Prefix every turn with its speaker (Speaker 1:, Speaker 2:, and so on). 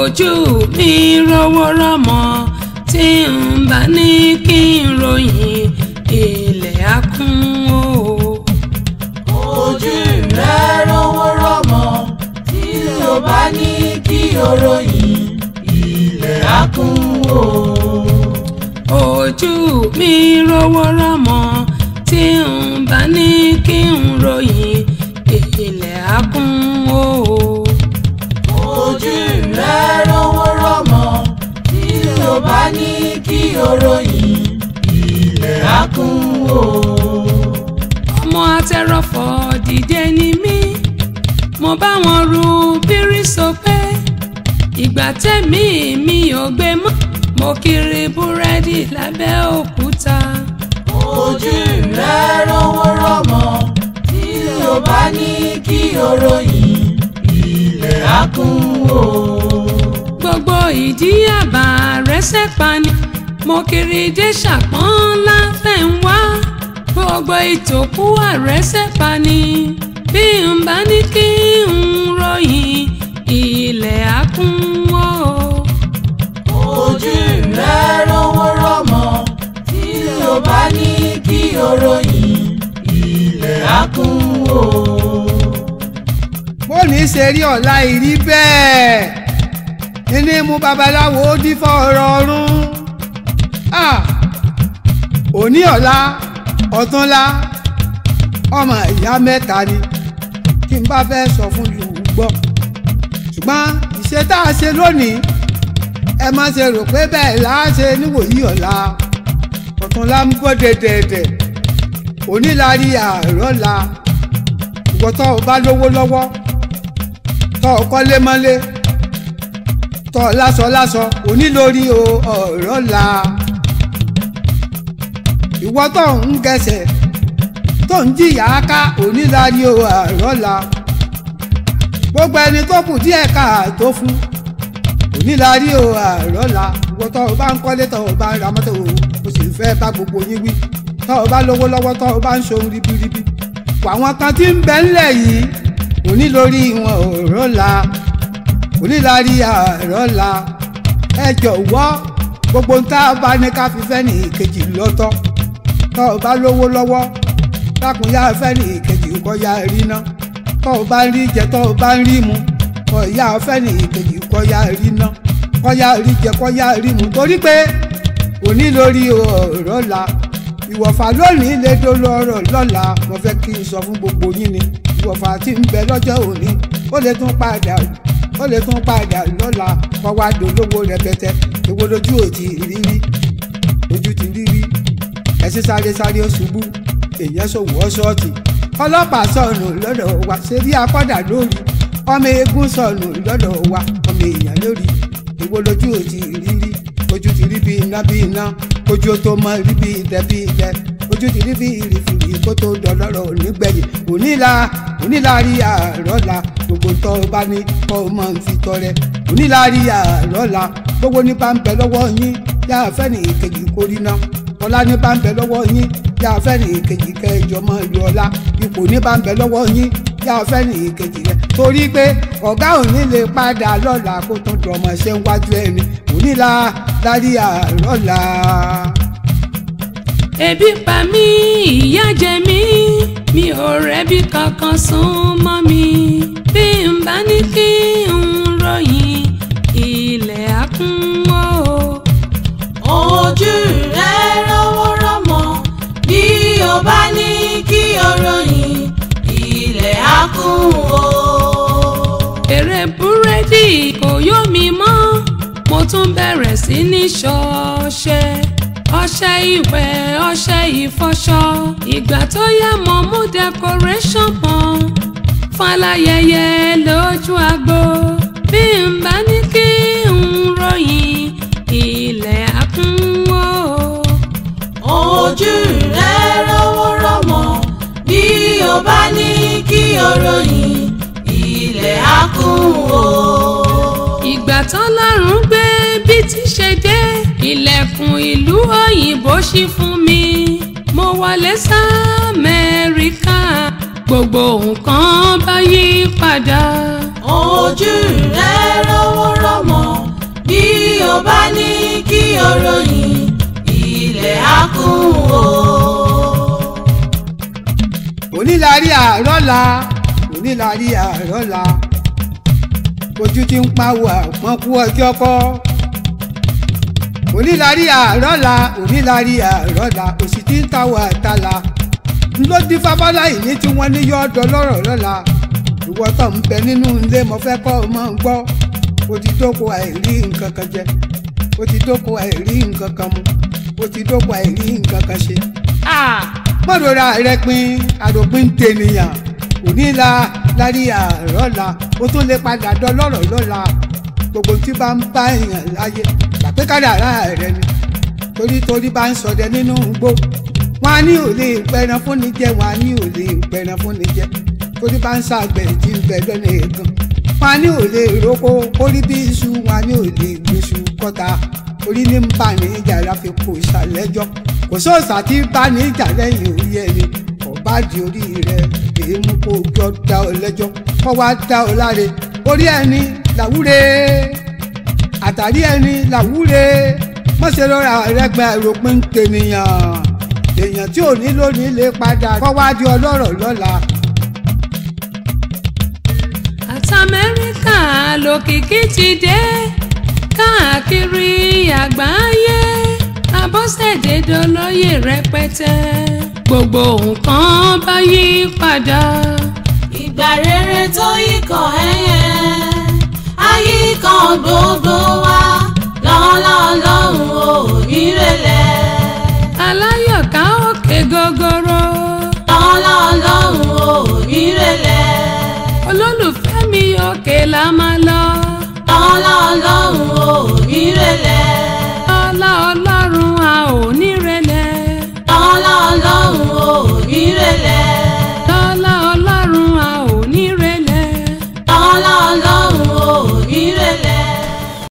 Speaker 1: fojú mi rówó rọmọ tí n bá ní kí n ròyìn ilẹ̀ á kún o. ojú rẹ rówó rọmọ tí o bá ní kí o ròyìn ilẹ̀ á o. ojú mi rówó rọmọ tí n bá ní kí n ròyìn. bá ní kí oró yìí ilẹ̀ á kún o. ọmọ atẹrọfọ̀ dìde ni mí mo bá wọn ru bírísọ pé ìgbà tẹ̀mí mi ò gbé mọ́ mo kiri búrẹ́dì lábẹ́ òkúta. ojú rẹ rówó rọmọ tí o bá ní kí oró ilẹ̀ á kún o ìdí àbá rẹ́sẹ̀ pani mo kiri dé ṣàpọ́n láfẹ́ ń wá gbogbo ìtòkú àrẹ́sẹ̀ pani bí n bá ní kí n ròyìn ilẹ̀ á kún ó. ojú rẹ rówó rọmọ tí o bá ní kí o ròyìn ilẹ̀
Speaker 2: á kún ó. mo ní í ṣe rí ọ̀la ìrí bẹ́ẹ̀ kíní mú babaláwo ó dín fọ́ọ̀rọ̀ ọ̀run òní ọ̀la ọ̀túnla ọmọ ìyá mẹ́ta ni kí n bá fẹ́ sọ fún yòówù gbọ́ ṣùgbọ́n ìṣe tá a ṣe lónìí ẹ má ṣe rò pé bẹ́ẹ̀ là á ṣe níwòyí ọ̀la ọ̀túnla ń bọ́ dẹ̀dẹ̀dẹ̀ òní la rí àárọ̀ lówó lọ́wọ́ tọ́ ọ kọ́lé mọ́lé tọ́ lásọlásọ òní lórí ọ̀rọ̀ la ìwọ tó ń gẹsẹ̀ tó ń jìyà ká òní la ni o ọ̀rọ̀ la gbogbo ẹni tó kù díẹ̀ ká tó fún òní la rí o ọ̀rọ̀ la ìwọ tó o bá ń kọ́lé tó o bá ń ra mọ́tò o o sì fẹ́ bá gbogbo yín wí tó o bá lówó lọ́wọ́ tó o bá ń ṣohun ribiribi wàwọn kan tí ń bẹ yìí òní lórí ọ̀rọ̀ la onílàrí àrọ́là ẹ jọ̀wọ́ gbogbo ń tá a bá ní ká fi fẹ́ni ìkejì lọ́tọ̀ tó o bá lówó lọ́wọ́ dákun yá fẹ́ni ìkejì kọ́ yá rí ná tó o bá ń rí jẹ tó o bá ń rí mu kọ́ yá fẹ́ni ìkejì kọ́ yá rí ná kọ́ yá rí jẹ kọ́ yá rí mu torí pé òní lórí ọ̀rọ̀ ìwọ̀fà lónìí lè dolọ́rọ̀ lọ́la mo fẹ́ kí n sọ fún gbogbo yín ni ìwọ̀fà tí ń bẹ lọ́jọ́ òní ó lè tún padà ó lè tún padà lọ́la kọ́ wá dolówó rẹpẹtẹ èwo lójú ò ti rírí ojú ti rírí ẹsẹ sáré sáré ó ṣubú èèyàn ṣòwò ó ṣọ́ọ̀tì ọlọ́pàá sọnù lọ́dọ̀ wa ṣe rí akọ́dà lórí ọmọ eégún sọnù lọ́dọ̀ wa ọmọ èèyàn lórí èwo lójú ò ti rírí ojú ti rí bí iná bí iná ojú tó mọ rí bí idẹ bí idẹ ojú ti rí bí ìrìfìrì kó tó dọ̀lọ́rọ̀ onígbẹ̀yìn onílà onílàárí àrọ́là gbogbo tó bá ní kọ́ ọmọ ń fi tọrẹ onílàárí àrọ́là gbogbo nípa ń bẹ lọ́wọ́ yín yá fẹ́ni ìkejì kórìíná ọlá nípa ń lọ́wọ́ yín yá fẹ́ni ìkejì kẹjọ mọ́ ìlú ọlá ipò nípa ń lọ́wọ́ yín yá fẹ́ni ìkejì rẹ̀ torí pé ọ̀gá òní lè padà lọ́la kó tó dọ̀mọ̀ ṣe ń wájú ẹni onílà lárí àrọ́là
Speaker 1: ebi pa mí ìyà jẹ mí mi ò rẹ́bí kankan sún mọ́ mi bí n bá ní kí n ròyìn ilẹ̀ á kún o. ojú rẹ lọ́wọ́ rọ́mọ bí o bá ní kí o ròyìn ilẹ̀ á o. èrè búrẹ́dì kò yó mi mọ́ mo tún bẹ̀rẹ̀ sí ní ṣọ́ọ̀ṣẹ́ ọṣẹ ìwẹ̀ ọṣẹ ìfọṣọ ìgbà tó yẹ mọ́ mú decoration mọ́ falayẹyẹ lójú agbo bí n bá ní kí n ròyìn ilẹ̀ àkúnwó. ojú rẹ rówó rọmọ bí o bá ní kí o ròyìn ilẹ̀ àkúnwó. ìgbà tán lọ́rùn gbé bí ti ṣe dé ilẹ̀kùn ìlú òyìnbó ṣí fún mi mo wọlé sámẹ́ríkà gbogbo nǹkan bá yí padà. ojú rẹ lówó rọmọ bí
Speaker 2: o bá ní kí
Speaker 1: o ròyìn
Speaker 2: ilẹ̀ á kún o. onílàrí àárọ̀ la onílàrí àárọ̀ la ojú ti ń pawọ́ àpọ́n ọjọ́ kọ́ onílarí àárọ̀la onílarí àárọ̀la òsì tí ń ta wàtálà ló dín fábáláì ní tí wọ́n ní yọ́ dọlọ́rọ̀ lọ́la ìwọ tó ń bẹ nínú ilé mo fẹ́ kọ́ ọ máa ń gbọ́ o ti dóko àìrí nǹkan kan jẹ o ti dóko àìrí nǹkan kan mu o ti dóko àìrí nǹkan kan ṣe. mọ́dọ̀ra rẹ pin àròpin tènìyàn onílarí àárọ̀la o tún lè padà dọlọ́rọ̀ lọ́la gbogbo tí bá ń bá èèyàn láyé gbàgbé kádàrá rẹ ni torítorí bá ń ṣọdẹ nínú igbó wọn á ní ò lè pẹran fún ni jẹ wọn á ní ò lè pẹran fún ni jẹ torí bá ń ṣàgbẹ̀ jí ń bẹ lọ́nà èèkan wọn á ní ò lè roko orí bí iṣu wọn á ní ò lè gbèsù kọta orí ní ń bà ní ìjà láfi kó ìṣàlẹ́jọ́ kò sóòsà tí bá ní ìjà lẹ́yìn orí ẹni ọ̀bá di orí rẹ̀ èémú kó jọ dá ọ lẹ́jọ́ kọ́ wá dá ọ láre orí ẹni làwúre àtàrí ẹni làwúre mọ̀ṣẹ́ rọra ẹ̀rẹ́gbẹ́ rògbìn tènìyàn èèyàn tí ò ní lónìí lè padà kọ́wádìí ọlọ́rọ̀ lọ́la.
Speaker 1: àtàmẹ́ríkà lòkìkí ti dé káàkiri àgbáyé abọ́sẹ̀dé dolóye rẹpẹtẹ gbogbo nǹkan bá yí padà. ìgbà rere tó yí kàn ẹ́ yẹn yìí kan gbogbo wa lọ́lọ́lọ́hùn o.